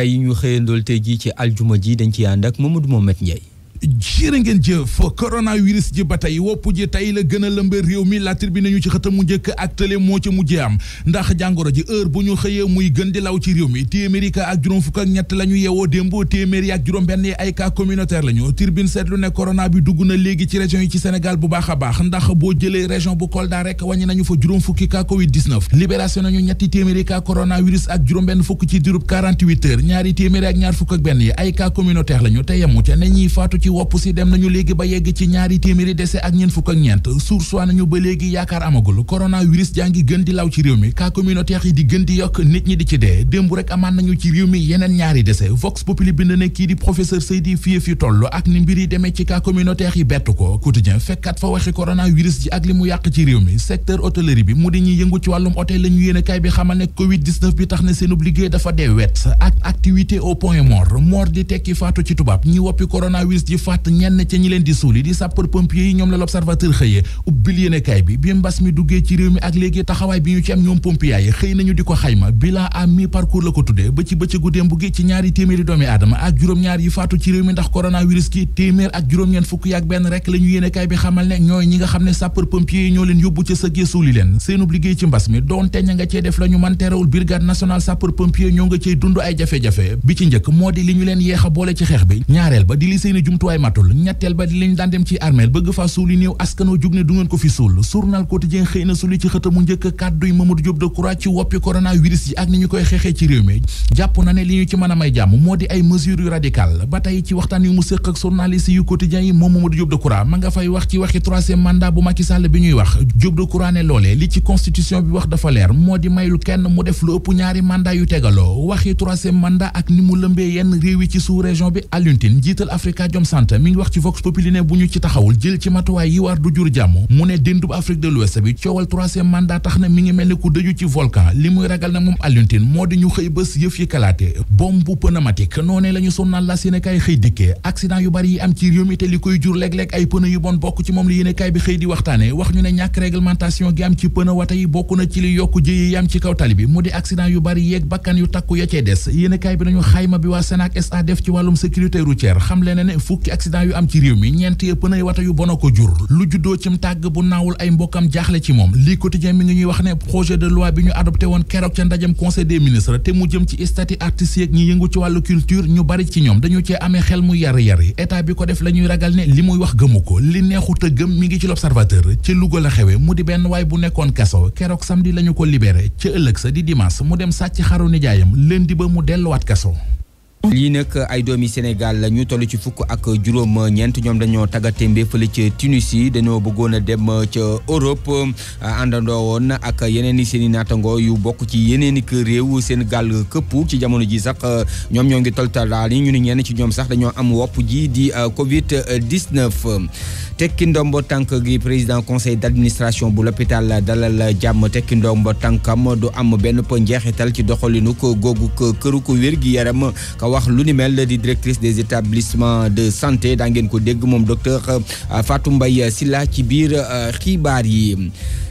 kaay yi ñu xëyandool te jii ci aljuma ji dañ ci ànd ak Mamadou Mohamed Ndiaye jërë ngeen jëf coronavirus ji ba tey wopp ji tey la gën a réew mi la tribune ñu ci xëtam mu jëkk ak tële moo ci mujjee am ndax jàngoro ji heure bu ñu xëyee muy gën di law ci réew mi téeméeri ka ak juróom fukk ak ñett la ñu yeewoo démb téeméeri ak juróom benn ay cas communautaire la ñu tribune seetlu ne corona bi dugg na léegi ci région yi ci Sénégal bu baax a baax ndax boo jëlee région bu Kolda rek wàññi nañu fa juróom fukki cas covid 19 libération nañu ñetti téeméeri cas coronavirus ak juróom benn fukk ci la ki wopp si dem nañu léegi ba yegg ci ñaari téeméeri dese ak ñeent fukk ak ñeent sursoi nañu ba léegi yaakaar amagul coronavirus jaa ngi gën di law ci réew mi cas communautaire yi di gën di yokk nit ñi di ci dee démb rek amaan nañu ci réew mi yeneen ñaari dese Vox Populi bind na kii di professeur Seydi fii fi toll ak ni mbir demee ci cas communautaire yi bett ko quotidien fekkat fa waxi coronavirus ji ak li mu yàq ci réew mi secteur hôtellerie bi faat ñenn ca ñi leen di suuli di sapeur pompier yi ñoom la l'observateur xëyee ubbil yéenekaay bi mbas mi duggee ci réew mi ak léegi taxawaay bi ñu ci am ñoom pompier yi di ko xayma bilan à mi parcours la ko tuddee ba ci bëccëgu démb gi ci ñaari téeméeri doomi aadama ak juróom-ñaar yi faatu ci réew mi ndax coronavirus ki téeméer ak juróom-ñeent fukk yaak benn rek la ñu yéenekaay bi xamal ne ñooy ñi nga xam ne sapeur pompier yi ñoo leen yóbbu ca sëggee suuli leen seenub liggéey ci mbas mi doonte ña nga cee def la man terewul brigade boole xeex bi waay matul ba di lañ daan dem ci armeel bëgg faa suuli néew askanoo jug ne du ngeen ko fi suul journal quotidien xëy na suuli ci xëta mu njëkk kàdduy Mamadou Diop Decroix ci woppi coronavirus yi ak ni ñu koy xeexee ci réew mi jàpp na ne li ñu ci mën a may jàmm moo di ay mesures yu radical ba tey ci waxtaan yu mu séq ak yu quotidien yi moom Mamadou Diop Decroix ma nga fay wax ci waxi troisième mandat bu Macky Sall bi ñuy wax Diop Decroix ne loolee Manta mi ngi wax ci Vox Populi bu ñu ci taxawul jël ci matuwaay yi war du jur jàmm mu ne déndub Afrique de l'Ouest bi coowal troisième mandat tax na mi ngi mel ni ku dëju ci volcan li muy ragal na moom Alioune moo di ñu xëy bés yëf yi kalaate bombe bu pneumatique noonee la ñu sonnal la yéenekaay xëy dikkee accident yu bari yi am ci réew te li koy jur léeg-léeg ay pneu yu bon bokk ci moom li yéenekaay bi xëy di waxtaane wax ñu ne ñàkk réglementation ci yu am ci réew mi ñeent yëpp nay wata yu bono ko jur lu juddoo cim tàgg bu naawul ay mbokkam jaaxle ci moom lii quotidien mi ngi ñuy wax ne projet de loi bi ñu adopté woon keroog ca ndajam conseil des ministres te mu jëm ci statut artistes yeeg ñi yëngu ci wàllu culture ñu bari ci ñoom dañu cee amee xel mu yari yari état bi ko def la ñuy ragal ne li muy wax gëmu ko li neexut a gëm mi ngi ci l'observateur ca Louga la xewe mu di benn waay bu nekkoon kaso keroog samedi la ñu ko libéré ca ëllëg sa di dimanche mu dem sàcc xaru nijaayam lundi ba mu delluwaat kaso lii nag ay doomi Sénégal la ñu toll ci fukk ak juróom-ñeent ñoom dañoo tàggatémbe fële ca Tunisie dañoo bëggoon a dem ca Europe àndandoo woon ak yeneen i seen i yu bokk ci yeneen i kër réew seen gaal këpp ci jamono ji sax ñoom ñoo ngi toltalaal yi ñu ni ñenn ci ñoom sax dañoo am wopp ji di euh, Covid 19. tekki ndombo tànk gi président conseil d'administration bu l'hôpital Dalal Jàmm tekki ndombo tànkam du am benn njeexital ci doxalinu googu këru ko wér gi yaram. wax lu ni mel di directrice des établissements de santé daa ngeen ko dégg moom docteur euh, Fatou Mbaye Sylla ci biir euh, xibaar yi.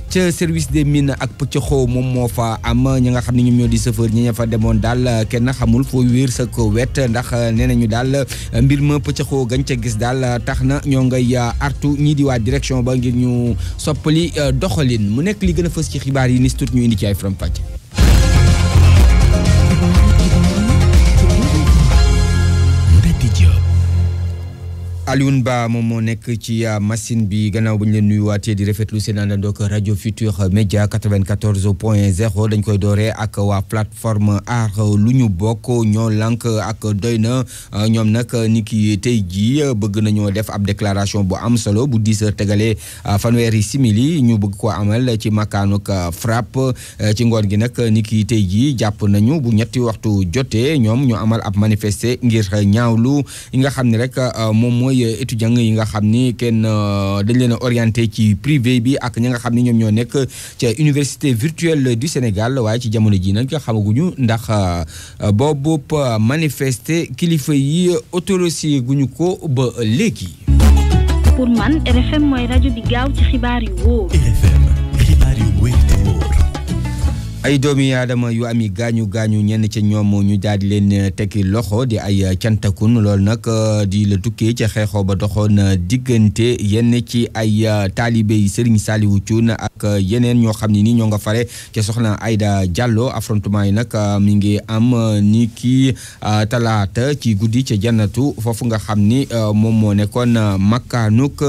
ca service des mines ak pëccëxoo moom moo fa am ñi nga xam ne ñoom ñoo di chauffeur ñi ña fa demoon daal kenn xamul foo wéer sa ko wet ndax euh, nee ñu daal mbir ma pëccëxoo gañ ca gis daal tax na ñoo ngay artu ñii di waa direction ba ngir ñu soppali doxalin mu nekk li gën a fës ci xibaar yi ni tut ñu indi ci ay faram-fàcce Alioune Ba moom moo nekk ci euh, machine bi gannaaw bu ñu leen nuyuwaatee di rafetlu seen àndandoog rajo Futur Média 94 point 0 dañ koy dooree ak waa plateforme aar lu ñu bokk ñoo lànk ak doy na euh, ñoom nag ni ki tey jii euh, bëgg nañoo def ab déclaration bu am solo bu 10 heures tegalee fanweeri simili ñu bëgg ko amal ci makkaanuk FRAPP ci ngoon gi nag ni ki tey jii jàpp nañu bu ñetti waxtu jotee ñoom ñu amal ab manifester ngir ñaawlu yi nga xam ni rek moom mooy mooy euh, étudiants yi nga xam ni kenn euh, dañ leen a orienté ci privé bi ak ñi nga xam ni ñoom ñoo nekk ca université virtuelle du Sénégal waaye ci jamono ji nag xamaguñu ndax euh, boobu manifeste kilifa yi autorisé guñu ko ba léegi. pour man RFM mooy rajo bi gaaw ci xibaar yu wóor. ay doomi yaadama yu am gaañu gaañu ñenn ca ñoom ñu daal leen eh, tekki loxo di ay cantakun lool nag eh, di la dukkee ca xeexoo ba doxoon eh, diggante yenn ci ay taalibe yi saaliwu Saliou Thioune ak yeneen ñoo xam ne ni ñoo nga fare ca soxna Aïda Diallo affrontement yi nag mi ngi am ni ki talaata ci guddi ca janatu foofu nga xam ni moom moo nekkoon makkaanuk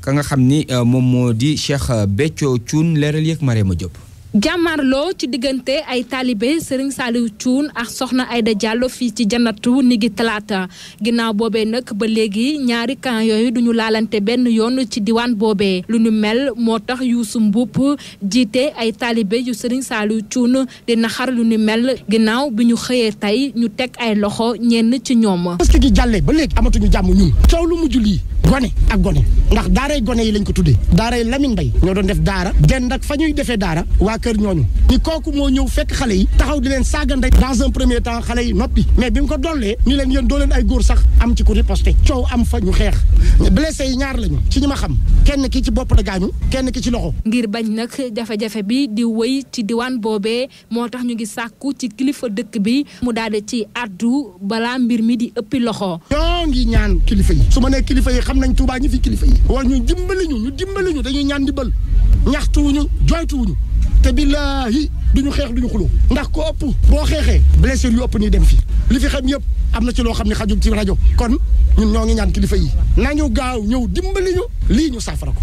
ka nga xam ni moom moo di Cheikh Béthio Thioune leeral yëg ma Diop jàmmaarloo ci diggante ay taalibe Serigne Saliou Thioune ak soxna Aïda Diallo fii ci janatu ni ngi talaata ginnaaw boobe nag ba léegi ñaari camp yooyu duñu laalante benn yoon ci diwaan boobe lu ñu mel moo tax Youssou Mboup jiite ay taalibe yu Serigne Saliou Thioune di naxar lu ñu mel ginnaaw bi ñu xëyee tey ñu teg ay loxo ñenn ci ñoom. parce que gi jàllee ba léegi amatuñu jàmm ñun coow lu mujj lii gone ak gone ndax daaray gone yi lañ ko tuddee daaray Lamine Mbaye ñoo doon def daara dend ak kër ñooñu ni kooku moo ñëw fekk xale yi taxaw di leen saaga ndey dans premier temps xale yi noppi mais bi mu ko dollee ni leen yéen doo leen ay góor sax am ci ku riposté coow am fa ñu xeex blessé yi ñaar lañu ci ñi ma xam kenn ki ci bopp la gaañu kenn ki ci loxo ngir bañ nag jafe-jafe bi di wëy ci diwaan boobee moo tax ñu ngi sàkku ci kilifa dëkk bi mu daal ci addu balaa mbir mi di ëppi loxo ñoo ngi ñaan kilifa yi su ma nee kilifa yi xam nañ Tuubaa ñi fi kilifa ñu dimbali ñu ñu dimbali dañuy ñaan dimbal ñaxtuwuñu jooytuwuñu te billaahi duñu xeex duñu xuloo ndax ko ëpp boo xeexee blessure yu ëpp nii dem fi li fi xam yëpp am na ci loo xam ne xajul ci rajo kon ñun ñoo ngi ñaan gaaw ñëw dimbali ñu lii ñu saafara ko.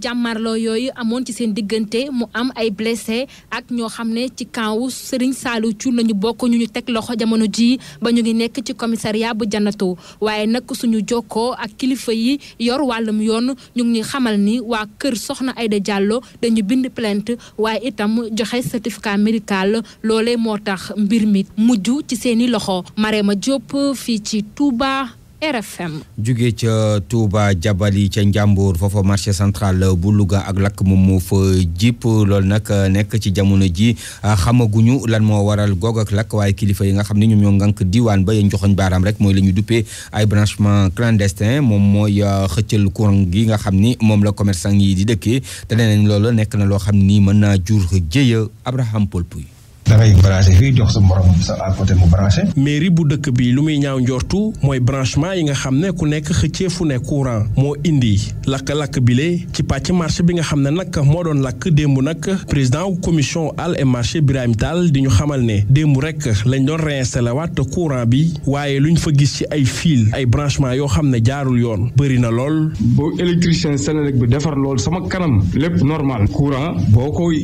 jàmmarloo yooyu amoon ci seen diggante mu am ay blessé ak ñoo xam ne ci kaawu Serigne Saliou Thioune lañu bokk ñu teg loxo jamono jii ba ñu ngi nekk ci commissariat bu Jannato waaye nag suñu jokkoo ak kilifa yi yor wàllum yoon ñu ngi xamal ni waa kër Soxna Aïda jàlloo dañu bind plainte waaye itam joxe certificat médical loolee moo tax mbir mi mujj ci seeni loxo ma Diop fii ci Touba. RFM. jugee ca Touba Jabali ca Njàmbur foofa marché central bu Louga ak lakk moom moo fa jip loolu nag nekk ci jamono ji xamaguñu lan moo waral goog ak lakk waaye kilifa yi nga xam ne ñoom ñoo ngànk diwaan ba yéen joxoñ baaraam rek mooy la ñu duppee ay branchement clandestin moom mooy euh, xëccal courant gi nga xam ni moom la commerçant yi di dëkkee te nee nañ loolu nekk na loo xam ni mën naa jur jëya Abraham Paul Pouy dangay branché fii jox sa morom sa à côté mu branché. mairie bu dëkk bi lu muy ñaaw njortu mooy branchement yi nga xam ne ku nekk xëccee fu ne courant moo indi lakk-lakk bi bile ci pàcc marché bi nga xam ne nag moo doon lakk démb nag président commission àll et marché Birahim di ñu xamal ne démb rek lañ doon réinstallé waat courant bi waaye lu ñu fa gis ci ay fil ay branchement yoo xam ne jaarul yoon bëri na lool. bu électricien Senelec bi defar lool sama kanam lépp normal courant boo koy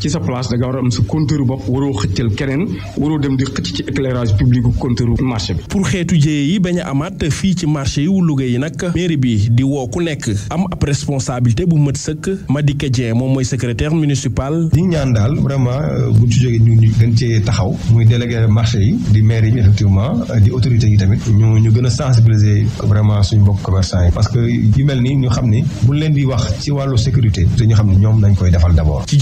ci sa place waroo xëccal keneen waroo dem di xëcc ci éclairage public compteur marché bi. pour xeetu jéey yi bañ a amaat fii ci marché wu Louga yi nag mairie bi di woo ku nekk am ab responsabilité bu mët sëkk di Dieng moom mooy secrétaire municipal. di ñaan daal vraiment euh, bu ci jógee ñu ñu gën cee taxaw muy délégué marché yi di maire yi effectivement euh, di autorités yi tamit ñu ñu gën a sensibiliser vraiment suñu mbokk commerçant yi parce que yu mel ni ñu xam ni buñ leen di ci wàllu sécurité te ñu xam ne ñoom nañ koy defal d'abord. ci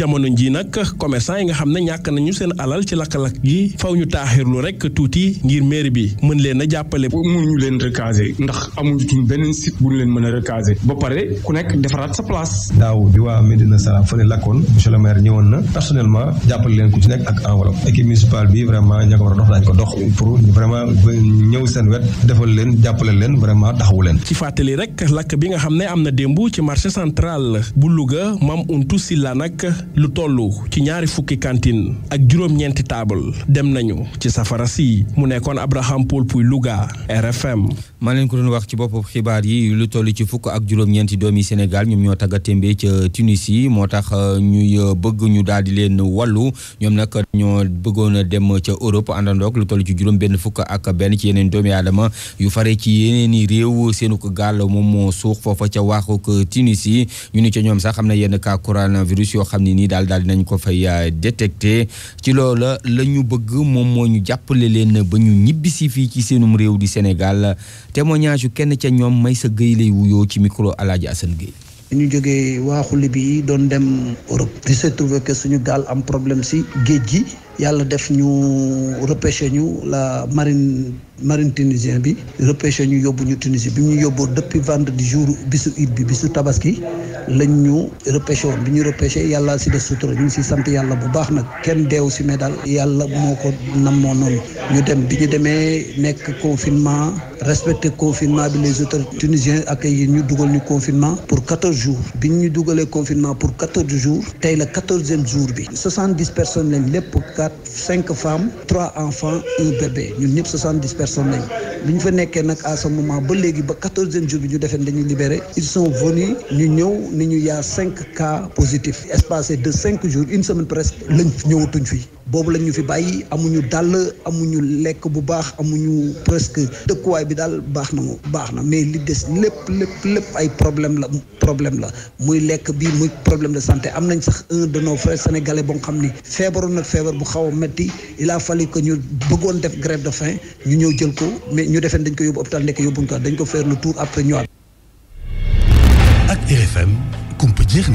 ñu seen alal ci lakk-lakk gi faw ñu taaxirlu rek tuuti ngir mairie bi mën leen a jàppale. mënuñu leen recaser ndax amuñu beneen site bu leen mën a recaser ba pare ku nekk defaraat sa place. daaw bi waa Medina Sara fële lakkoon monsieur ñëwoon na personnellement jàppale leen ku ci nekk ak enveloppe équipe bi vraiment ña ko war a dox daañ ko dox pour vraiment ñëw seen wet defal leen jàppale leen vraiment taxawu leen. ci fàttali rek lakk bi nga xam ne am na démb ci marché central bu Louga mam untu si la nag lu toll ci ñaari fukki cantine ak juróom-ñeenti taabal dem nañu ci safara si mu nekkoon Abraham Paul Puy Louga RFM. maa leen ko doon wax ci boppu xibaar yi lu toll ci fukk ak juróom-ñeenti doomi Sénégal ñoom ñoo tàggatémbe ca Tunisie moo tax euh, ñuy euh, bëgg ñu daal di leen wàllu ñoom nag ñoo bëggoon a dem ca Europe àndandoog lu toll ci juróom-benn fukk ak benn ci yeneen doomi aadama yu fare ci yeneen i réew seenu ko gaal moom moo suux foofa ca waaxuk Tunisie ñu ni ca ñoom sax am na yenn cas coronavirus yoo xam ne nii daal daal dinañ ko fay euh, détecté. ci loola la ñu bëgg moom moo ñu jàppale leen ba ñu ñibbisi fii ci seenum réew di Sénégal témoignage yu kenn ca ñoom Maysa Gueye lay wuyoo ci micro Alaaji Assane Gueye ñu jógee waaxuli bi doon dem Europe il se trouve que suñu gaal am problème si géej gi yàlla def ñu repêché ñu la marine marine tunisien bi repêché ñu yóbbu ñu Tunisie bi ñu yóbboo depuis vendredi jour bisu id bi bisu tabaski lañ ñu repêché bi ñu repêché yàlla si def sutura ñu ngi si sant yàlla bu baax nag kenn deew si mais daal yàlla moo ko nam moo noonu ñu dem bi ñu demee nekk confinement respecté confinement bi les autorités tunisiens ak yi ñu dugal ñu confinement pour quatorze jours bi ñu dugalee confinement pour quatorze jours tey la quatorzième jour bi soixante dix personne lañ lépp quatre cinq femmes trois enfants un bébé ñun ñëpp soixante dix personnes lañ bi ñu fa nekkee nag à ce moment ba léegi ba quatorzième jour bi ñu defee dañuy libéré ils sont venus ñu ñëw ni ñu yaa cinq cas positifs espacé de cinq jours une semaine presque lañ ñëwatuñ fii boobu lañ ñu fi bàyyi amuñu dàll amuñu lekk bu baax amuñu presque dëkkuwaay bi daal baax na baax na mais li des lépp lépp lépp ay problème la problème la muy lekk bi muy problème de santé am nañ sax un de nos frères boo xam ni feebaroon nag feebar bu xaw a metti il a fallu que ñu bëggoon def grève de fin ñu ñëw jël ko mais ñu defeen dañ ko yóbbu hôpital ndekk yóbbuñ ko dañ ko faire le tour après ñëwaat. ak RFM kumpa jeex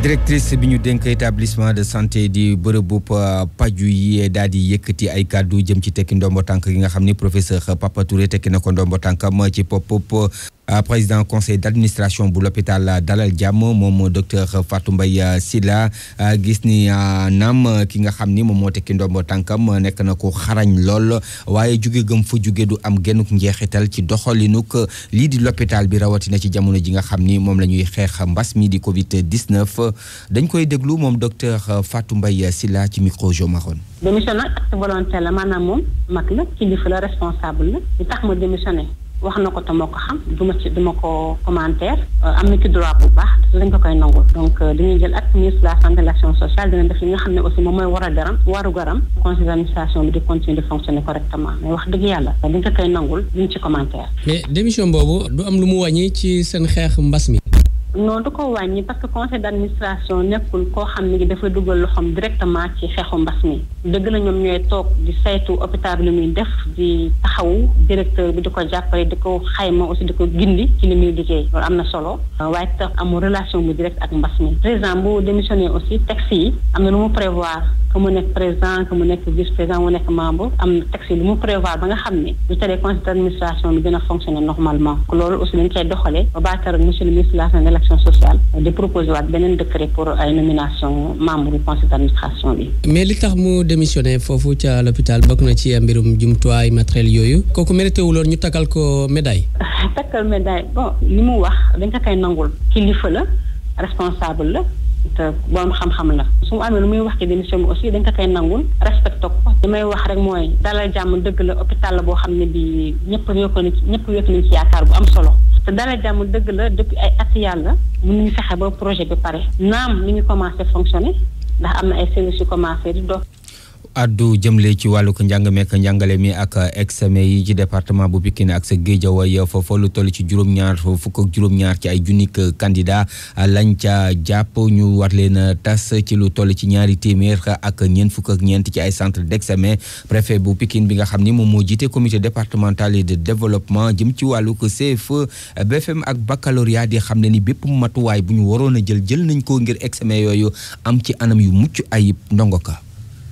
directrice bi ñu dénk établissement de santé di bërëbu euh, paju yi daal di yëkkati ay kàddu jëm ci tekki ndombo tànk gi nga xam ni professeur Papa Touré tekki na ko ndombo tànkam ci pop pop Euh, président conseil d'administration bu l'hôpital Dalal Jàmm moom docteur Fatou Mbaye euh, Sylla euh, gis ni naam ki nga xam ni moom moo tekki ndombo tànkam nekk na ko xarañ lool waaye juge gëm fu jóge du am gennuk njeexital ci doxalinuk lii di l'hôpital bi rawatina ci jamono ji nga xam ni moom la ñuy xeex mbas mi di Covid 19 dañ koy déglu moom docteur Fatou mbay Sylla ci micro Jo Marone démission nag la maanaam moom mag la kilifa la responsable wax na ko tam moo ko xam du ma ci du ma ko commentaire euh, am na ci droit bu baax dañ ko koy nangul donc li euh, dañuy jël ak ministre de la santé de l'action def nga xam ne aussi moom mooy war a garam waru garam conseil d'administration bi di continuer de fonctionner correctement mais wax dëgg yàlla dañ ko koy nangul duñ ci commentaire mais démission boobu du am lu mu wàññi ci seen xeex mbas mi noonu du ko wàññi parce que conseil d' administration nekkul koo xam ne dafa dugal loxoom directement ci xeexu mbas mi dëgg la ñoom ñooy toog di saytu hôpital bi muy def di taxawu directeur bi di ko jàppale di ko xayma aussi di ko gindi ci li muy liggéey loolu am na solo waaye tax amul relation bu direct ak mbas mi président bu démissionné aussi texte yi am na lu mu prévoir que mu nekk président que mu nekk vice président mu nekk membre am na texte lu mu prévoir ba nga xam ne lu teree conseil d' administration bi gën a fonctionner normalement loolu aussi dañ action sociale di waat beneen décret pour ay nomination membre du conseil d' administration bi. mais li tax mu démissionné foofu ca l'hôpital bokk na ci mbirum jumtuwaay matériel yooyu kooku mérité wuloon ñu takkal ko médaille. takkal médaille bon li mu wax dañ ko kay nangul kilifa la responsable la. te borom xam-xam la su lu muy wax ci démission bi aussi dañ ko koy nangul respecté ko wax rek mooy dalal jàmm dëgg la hôpital la boo xam ne bi ñëpp yokk nañ ci ñëpp yokk nañ ci yaakaar bu am solo te Dalal Jàmm dëgg la depuis ay at yàlla ñu fexe ba projet bi pare naam mi ñu commencé fonctionner ndax am na ay services yu commencé di dox. addu jëmle ci wàllu ko njàng meek njàngale mi ak examen yi ci département bu Pikine ak sa Guédiawaye foofa lu toll ci juróom-ñaar fukk ak juróom-ñaar ci ay junnik candidat lañ ca jàpp ñu war leen tas ci lu toll ci ñaari téeméer ak ñeen fukk ak ñeent ci ay centre d'examen préfet bu Pikine bi nga xam ni moom moo jiite comité départemental de développement jëm ci wàllu ko CFE BFM ak baccalauréat di xam ne ni bépp matuwaay bu ñu waroon a jël jël nañ ko ngir examen yooyu am ci anam yu mucc ayib ndongo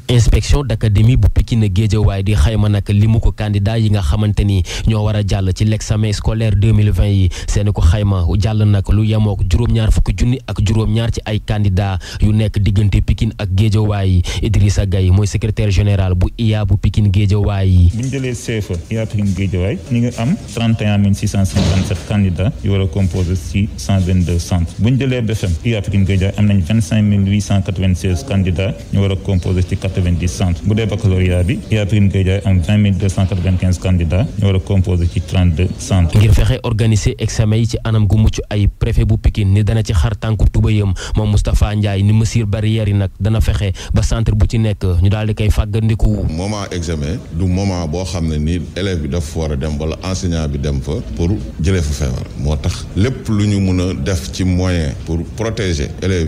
inspection d' académie bu Pikine Guédiawaye di xayma nag li ko candidat yi nga xamante ni ñoo war a jàll ci l' examen scolaire 2020 yi seeni ko xayma jàll nag lu yemook juróom-ñaar fukki junni ak juróom-ñaar ci ay candidat yu nekk diggante Pikine ak Guédiawaye Idrissa Gaye mooy secrétaire général bu IA bu Pikine Guédiawaye bu ñu jëlee CFA IA Pikine Guédiawaye ñu ngi am 31 yu war a ci 122 ñu jëlee BFM IA Pikine Guédiawaye am nañ 25 896 candidats ñu 90 centres bu dee baccalauréat bi IAPRIM koy jaay am 20 ñu war a composé ci 32 ngir fexe organiser examen yi ci anam gu mucc ay préfet bu Pikine ni dana ci xar tànku tubéyam moom Moustapha Ndiaye ni mesure barrière nag dana fexe ba centre bu ci nekk ñu daal di koy fàggandiku. moment examen du moment boo xam ne nii élève bi dafa war a dem wala enseignant bi dem fa pour jëlee fa feebar moo tax lépp lu ñu mun a def ci moyen pour protéger élèves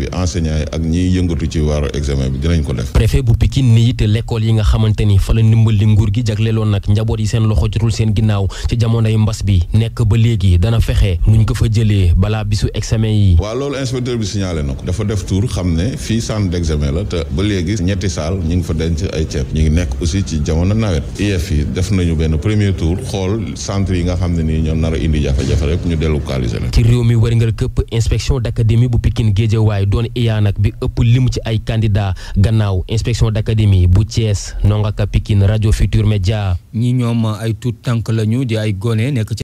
bi dinañ Pikine nii te l'école yi nga xamante ni fa la ndimbal li nguur gi jagleeloon nag njaboot yi seen loxo jotul seen ginnaaw ci jamonoy mbas bi nekk ba léegi dana fexe nuñ ko fa jëlee balaa bisu examen yi. waaw loolu inspecteur bi signalé na ko. dafa def tour xam ne fii centre d'examen la te ba léegi ñetti saal ñu ngi fa denc ay ceeb ñu ngi nekk aussi ci jamono nawet. IEF yi def nañu benn premier tour xool centre yi nga xam ne nii ñoo nar a indi jafe-jafe rek ñu délocaliser la. ci réew mi war nga këpp inspection d'académie bu Pikine Guédiawaye doon iyaa nag bi ëpp lim ci ay candidat gannaaw inspection d'académie académie bu Thiès Nongaka Pikine rajo Futur Média ñi ñoom ay tuut tànk lañu di ay gone nekk ci